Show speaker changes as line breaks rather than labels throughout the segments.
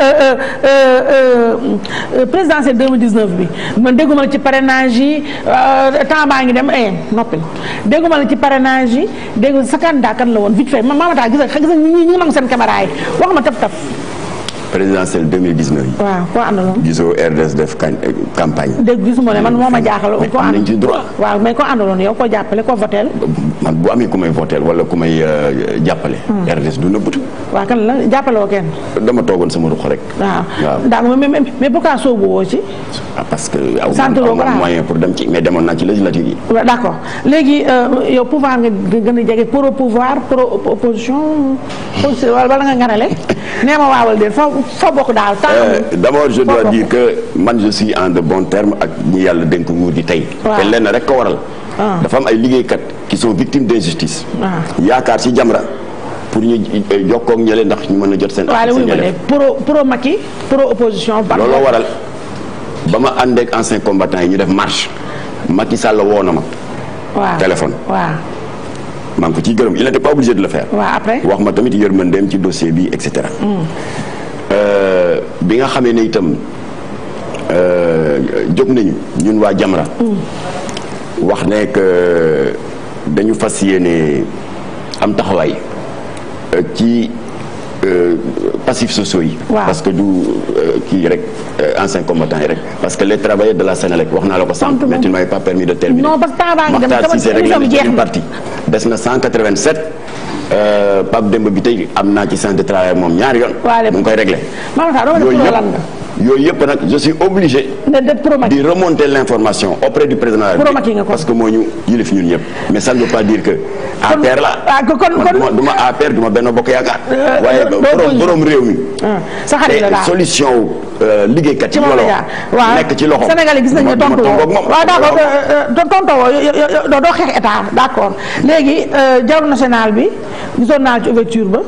Euh, euh, euh, présidentielle 2019 bi man dégguma la ci parrainage yi temps baa ngi dem eh noppi na dégguma la ci pare yi dégg sa candidat kan la woon vite fait ma maamataa gis nga gis nga ñi ngi nangu seen caméra yi wax ma taf taf
présidentielle 2019 yi.
waaw koo àndaloon.
gisoo RDS def eh, campagne.
dégg gisuma ne man moo a mm. jaaxal. mais am nañ ci droit waaw mais koo jàppale koo voteel.
man bu amee ku may voteel wala ku may euh, jàppale. Hmm. du nëbbatu.
waaw kan la jàppale woo kenn.
dama toogoon sama ruq rek.
waaw daanaka mais mais pourquoi soobu woo ci.
Ah, parce que aw ma moyen pour dem ci mais demoon naa ci législative yi.
waaw léegi euh, yow pouvoir nga gën a jege pro pouvoir pro opposition. wala nga ngarale foo bokk daal tant euh, d'abord je dois dire
que man je suis en de bons termes ak ñi yàlla dénk nguur di tey te lenn rek ko waral ah. dafa am ay liggéeykat qui sont victimes d'injustice ah. yaakaar ci Jamra pour ñu euh, jokkoog ñële ndax ñu mën na jot seen waaye wuñu ma de
pro pro Macky pro opposition looloo waral
ba ma àndeeg ancien combattant yi ñu def marche Macky Sall woo na ma
waaw téléphone waaw
ko ciy gërëm il n'était pas obligé de le faire.
wax
ma tamit yërmandeem ci dossier bi et cetera. Hmm. Euh, bi nga xamee ne itam euh, jóg nañu ñun waa Jamra mm. wax ne que euh, dañu fas yéene am taxawaay ci passifs sociaux yi. parce que du kii rek ancien combattant yi rek. parce que les travailleurs de la Sénélec wax naa la ko sànq. mais tu pas permis de terminer. non
parce que temps baa ngi na
cent Cissé rek la Euh, Pape Demba bi tey am naa ci sens de travail moom ñaari yoon. waaw mu ngi koy réglé. yooyu yëpp yooyu yëpp nag je suis obligé. di remonter l' auprès du président de parce que moo ñu yilif ñun ñëpp mais ça ne veut pas dire que. APR la ah, kon duma du ma benn bokk yaakaar. Euh, waaye borom borom réew mi.
Ah, sa xarit la daal
solution euh, liggéeykat yi. ci nekk ci loxo Sénégal yi gis nañu ne tontu
euh, doo xeex état d'accord léegi dialogue national bi gisoon naa ci ouverture ba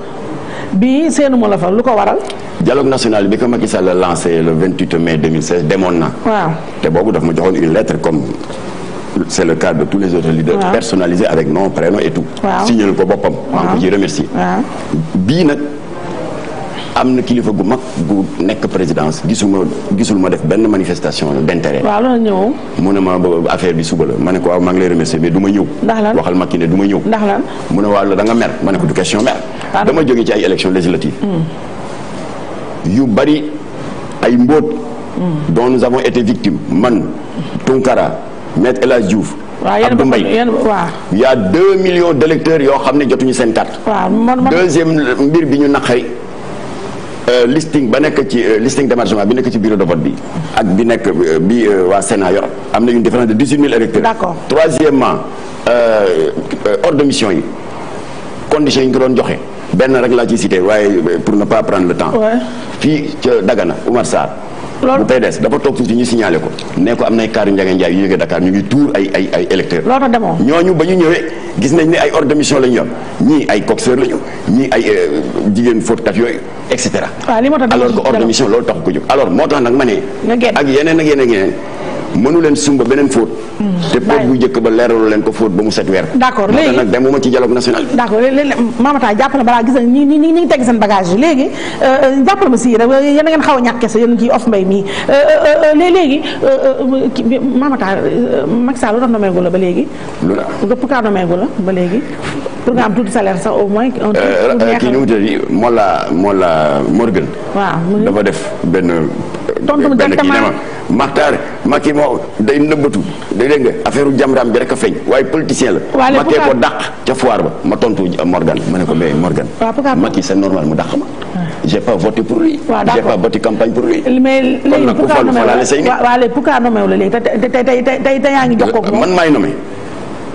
bi seenu ma la fa lu ko waral.
dialogue national bi ko Macky Sall lancé le 28 mai 2016 demoon na. waaw te boobu daf ma joxoon une lettre comme. c'est le cas de tous les autres leaders wow. personnalisé avec nom prénom et tout ko boppam maa ngi ko ciy remercier bii nag am na kilifa gu mag gu nekk présidence gisuma gisul ma def benn manifestation d'intérêt mu ne ma affaire bi suba la ma ne ko waaw maa ngi lay remercier mais du ma ñëw waxal ma ki ne du ma ñëw mu ne waaw la da mer ma ne ko du question mer ah, dama jóge ci ay élection législative hmm. yu bari ay mbóot hmm. dont nous avons été victimes man Tunkara maître El Hadj Diouf.
mbay Mbaye
il y a deux millions d'électeurs yoo xam ne jotuñu seen carte. deuxième mbir bi ñu naq naqari euh, listing ba nekk ci euh, listing d'émargement bi nekk ci bureau de vote bi ak bi nekk euh, bi waa Sénat yor am na une différence de 18 000 électeurs. d'accord troisièmement ordre de mission yi conditions yi ñu ko doon joxe. benn rek laa ci cité waaye pour ne pas prendre le temps. fii ca Dagana Oumar Sarr. loolu PDS dafa toog tuuti ñu signalé ko ne ko am nay kaaru Ndiaga Ndiaye yu jógee Dakar ñu ngi tuur ay ay ay électeurs loolu demoo ñooñu ba ñu ñëwee gis nañ ne ay ordre de mission la ñu yor ñii ay coxeur la ñii ay euh, jigéen fóotkat yooyu et cetera alors que ordre de mission loolu taxu ko jóg alors moo tax nag ma ne ak yeneen ak yeneen ak yeneen mënu leen sumba beneen fóot hmm. te fóot bu njëkk ba leeralu leen ko fóot ba mu set weer d'accord léegi nag demuma ci dialogue national bi
d'accord léegi Mamata jàpp na balaa gis nañ ni ni ngi teg seen bagage yi léegi euh, euh, jàppal ma si rek yéen a ngeen xaw a ñàkk kese yéen kii of mbay mii euh, léegi Mamata Macky Sall lu tax nommé gu la ba léegi lu la nga la ba léegi pour nga am tuuti salaire sax au moins kii nu mu
tëddi Mola Mola Morgan waaw dafa def benn tontu mu directement Maxtaar Macky moo day nëbbatu dégg nga affaire jamraam bi rek a feeñ waaye politicien la Macky ko dàq ca foire ba ma tontu Morgan ma ne ko mais Morgan Macky c'est ko ah,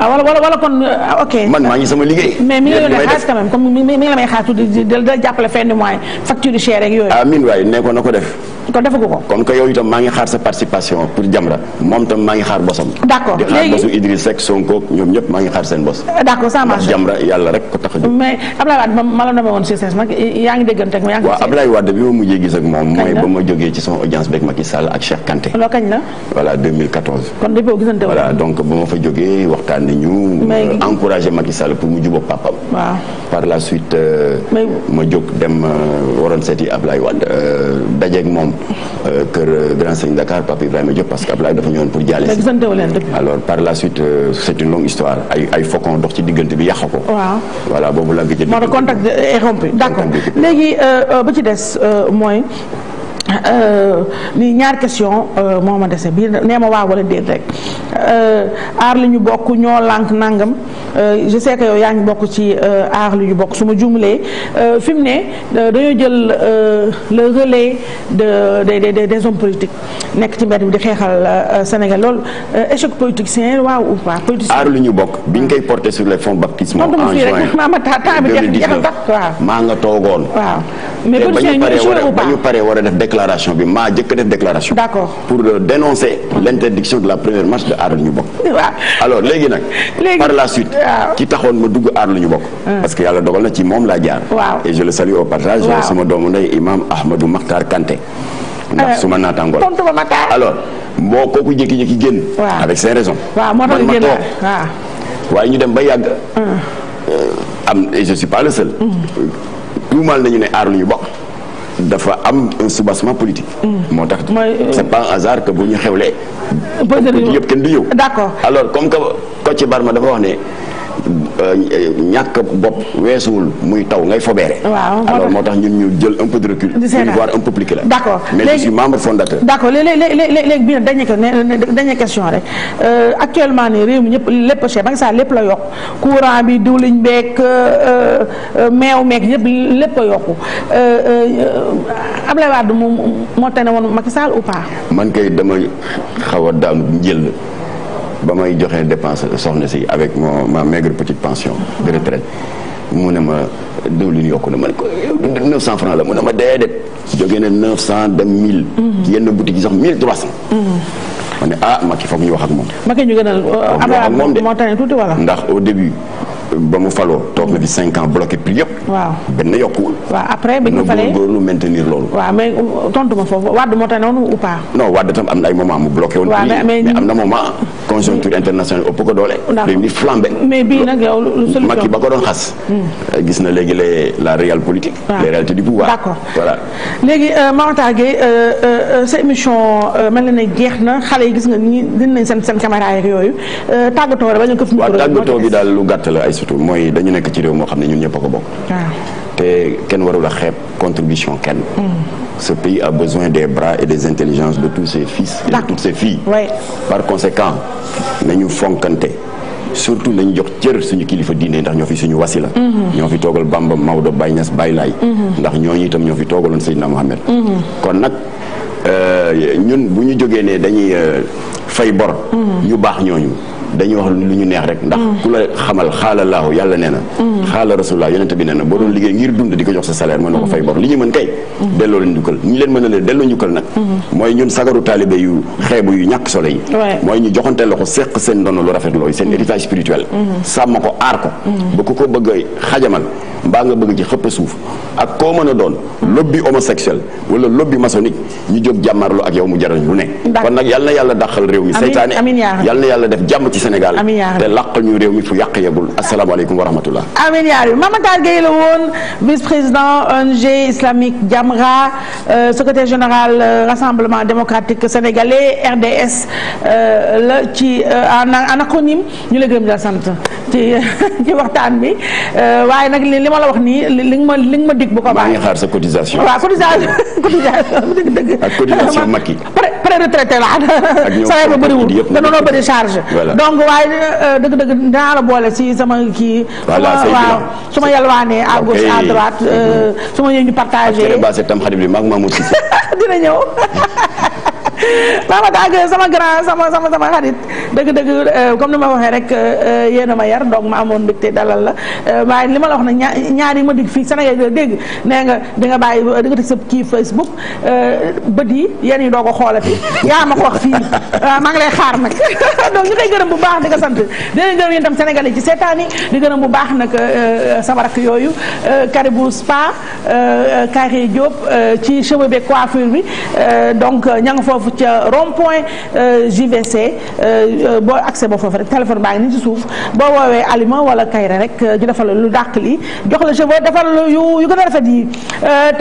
ah,
man maa ngi sama liggéey.
mais mi ngi lay xaas quand comme mi ngi la may xaas tuuti di jàppale fin de mois facture yu chère yooyu. ah
min waay ne ko def. kon defagu ko. comme que yow itam maa ngi xaar sa participation pour Jamra moom itam maa ngi xaar bosam. d'accord di xaar bosu Idriss Seck Sonko ñoom ñëpp maa ngi xaar seen bos.
d'accord ça marche Jamra
yàlla a jóg.
mais Ablaye nag yaa ngi déggante ak ma yaa ngi. waaw Ablaye
Wade bi ma mujjee gis ak moom. mooy ba ma jógee ci sama audience beeg Macky Sall ak Cheikh Kanté. loo kañ la. voilà 2014. kon lépp a gisante voilà ba ma fa jógee waxtaan nañu. mais euh, encouragé Macky pour mu jubóog papam. waaw par la suite. Euh, ma jóg dem euh, waroon seeti Ablaye Wade dajeeg moom Euh, kër euh, Grand Serigne Dakar Papa Ibrahima Diop parce que Ablaye dafa ñëwoon pour jaale
si
alors par la suite euh, c' une longue histoire ay ay dox ci diggante bi yàq ko. waaw voilà boobu la nga contact
est rompu d' léegi ba ci des mooy. ni euh, ñaar question euh, moo ma dese bii nee ma waaw wala déet rek euh, aar li ñu bokk ñoo lànk nangam je sais que yow yaa ngi bokk ci aar li ñu bokk su ma jumlee fi mu ne dañoo jël le relais de des des hommes politiques nekk ci mbedd bi di xeexal euh, Sénégal loolu euh, échec politicien waaw ou pas politicien. aar
lu ñu bokk bi ñu koy porté sur les fonds baptismaux en juin maa nga toogoon. waaw
mais politicien ñu
ba ñu paree war a def déclaration bi maa jëkk def déclaration. d'accord pour euh, dénoncer l'interdiction de la première marche de aar lu ñu bokk. alors léegi nag. par la suite. ki taxoon ma dugg aar lu ñu bokk. parce que yàlla dogal na ci moom laa jaar. et je le salue au sama doomu ndey imam ndax euh, su ma naataangoo la tontu ba ma taal alors boo kooku jékki-jékki génn. avec ses raisons.
waaw moo tax génn waaw euh.
waaye ñu dem ba yàgg. Euh. am et je suis pas le seul. Mm. tuumaal nañu ne aar lu ñu bokk. dafa am un soubassement politique. Mm. moo tax c'est pas un hasard que bu ñu xewlee. yëpp kenn du ñëw d'accord comme que Kocc Barma dafa wax ne. Euh, ñàkk bopp weesuwul muy taw ngay fobeere alors moo tax ñun ñu jël un peu de recul pour voir un peu plus clair d'accord mais je suis membre fondateur
d'accord léegi bii nag dernière question rek euh, actuellement nii réew mi ñëpp lépp cher ba nga saa lépp la yokk courant bi diwliñ beeg euh, meew meeg ñëpp lépp a yokku Ablaye Wade moom moo tane woon ma Sall ou pas
man kay dama xaw a daanu ba may joxe dépense soxna si avec mon ma maigre petite pension de retraite mu ne ma diwlin yokku na ma ne ko 900 francs la mu ne ma déedéet jóge na 900 dem 1000. yenn boutique sax mm-hmm. ma ne ah Macky foog ñu wax ak ma
Macky ñu gënal Abdoulaye moom moo tane tuuti ndax
au début ba mu faloo toog na fi 5 ans bloqué prix yëpp. waaw benn yokkuwul.
waaw après bi ñu falee
góorgóorlu maintenir loolu.
waaw mais um, tontu ma foofu Wade moo tane noonu ou pas.
non Wade tam am na ay moment mu bloqué woon. mais am na moment. conjoncture internationale ëpp ko doole. réew mi flambé. mais bii
nag yow solution ba ko doon xas. Hmm.
gis na léegi les la réelle politique. les réalités du pouvoir. d'accord voilà.
léegi euh, Makhtar Gueye euh, euh, sa émission mel na ne jeex na xale yi gis nga ni gën nañ seen seen caméra yeeg yooyu tàggatoo rek ba ñu ko fi. waaw tàggatoo
bi daal lu gàtt la ay surtout mooy dañu nekk ci réew moo xam ne ñun ñëpp a ko bokk. te kenn warul a xeeb contribution kenn. Hmm. ce pays a besoin des bras et des intelligences de tous ses fils et de toutes ses filles. Par conséquent nañu fonkante surtout nañu jox cër suñu kilifa diinee ndax ñoo fi suñu la mhm. ñoo fi toogal Bamba Maodo Baye Niass Baye Laye. Mhm. ndax ñooñu itam ñoo fi toogaloon Seydina Mohamed. Mhm. kon nag euh, ñun bu ñu jógee ne dañuy euh, fay bor. ñu baax ñooñu. dañuy wax lu ñu neex rek ndax ku la xamal xaala laahu yàlla nee na xaala rasulullah yonente bi nee na boo doon liggéey ngir dund di ko jox sa salaire mën na ko fay bor li ñu mën kay delloo leen njukkal ñi leen mën a leen delloo njukkal nag mooy ñun sagaru taalibe yu xeebu yu ñàkk solo yi mooy ñu joxante loxo seq seen ndono lu rafet looyu seen héritage spirituel mm-hmm. sàmm ko aar ko mm-hmm. ba ku ko bëgg xajamal mbaa nga bëgg ci xëpp suuf ak koo mën a doon lobby homosexuel wala lobby maçonnique ñu jóg jàmmarlu ak yow mu jaral lu ne kon nag yal na yàlla dàqal réew mi seytaane yal na yàlla def jàmm ci Sénégal te làqal ñu réew mi fu yàq yegul asalaamaaleykum wa rahmatullah
amiin yaa rabbi Mame la woon vice président ONG islamique Jamra euh, secrétaire général euh, rassemblement démocratique sénégalais RDS euh, la ci en acronyme ñu la gërëm di la sant ci ci waxtaan bi waaye nag li ma la wax nii li nga ma li nga ma dig bu ko baaxee. maa ngi
xaar sa cotisation. waaw cotisation
cotisation
dëgg dëgg. a cotisation Macky.
pré pré retraité la ak ba bëriwul danoo euh, la boole si sama kii. voilà say waaw su ma yalwaanee à gauche à droite. su ma ñëw ñu partagé. ak Kelle
Ba
dina ñëw. Maama Gagué sama grand sama sama sama xarit dëgg-dëgg euh, comme ni ma waxee rek euh, yéen a ma yar donc ma amoon mbégte dalal la euh, waaye li ma la wax na ñaar yi ma dig fii Sénégal yi dégg nee nga di nga bàyyi di nga tëj sa kii Facebook bët yi yéen yi doo ko xoolati yaa ma ko wax fii waaw maa ngi lay xaar nag donc ñu koy gërëm bu baax di ko sant dinañ gërëm yéen tam Sénégal yi ci seetaan yi di gërëm bu baax nag sama rakk yooyu Caribou Spa Kari Diop ci cheveux bi coiffure bi donc ña nga foofu ca rond point euh, JVC euh, euh, boo accès ba foofu rek téléphone baa ngi nii ci suuf boo woowee Alima wala Kayra rek ñu defal la lu dàq li jox la cheveux defal la yu yu gën a rafet yi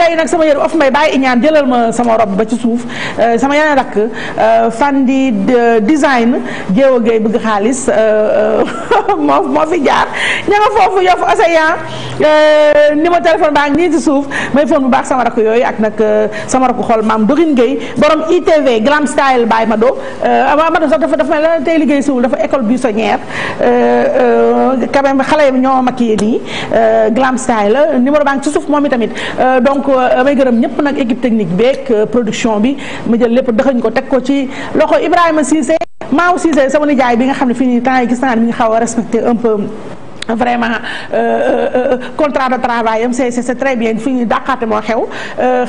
tey nag sama yëru of may bàyyi ñaan jëlal ma sama rob ba ci suuf sama yeneen rakk fandi design jéew géey bëgg xaalis moo moo fi jaar ña nga foofu yof océan numéro téléphone baa ngi nii ci suuf may phone bu baax sama rakk yooyu ak nag sama rakk xol maam Dorine Gueye borom ITV tey grand style Baye Mado euh, avant Mado sax dafa dafa mel ne tey liggéey siwul dafa école buissonnière euh, euh, quand même xale yi ñoo maquillé nii glam style la numéro baa ngi ci suuf moom itamit donc may gërëm ñëpp nag équipe technique beeg production bi ma jël lépp dëxañ ko teg ko ci loxo a Cissé maaw Cissé sama nijaay bi nga xam ne fii nii temps yi naa mi ngi xaw a respecté un peu vraiment euh, euh, euh, contrat de travail am c'est c'est très bien fi ñu dàqaate moo xew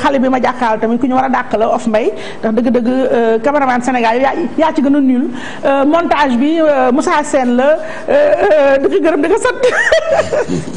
xale bi ma jàkkaal tamit ku ñu war a dàq la of mbay ndax dëgg-dëgg cameraman Sénégal yaa yaa ci gën a nul montage bi Moussa Sène la di gërëm di ko sant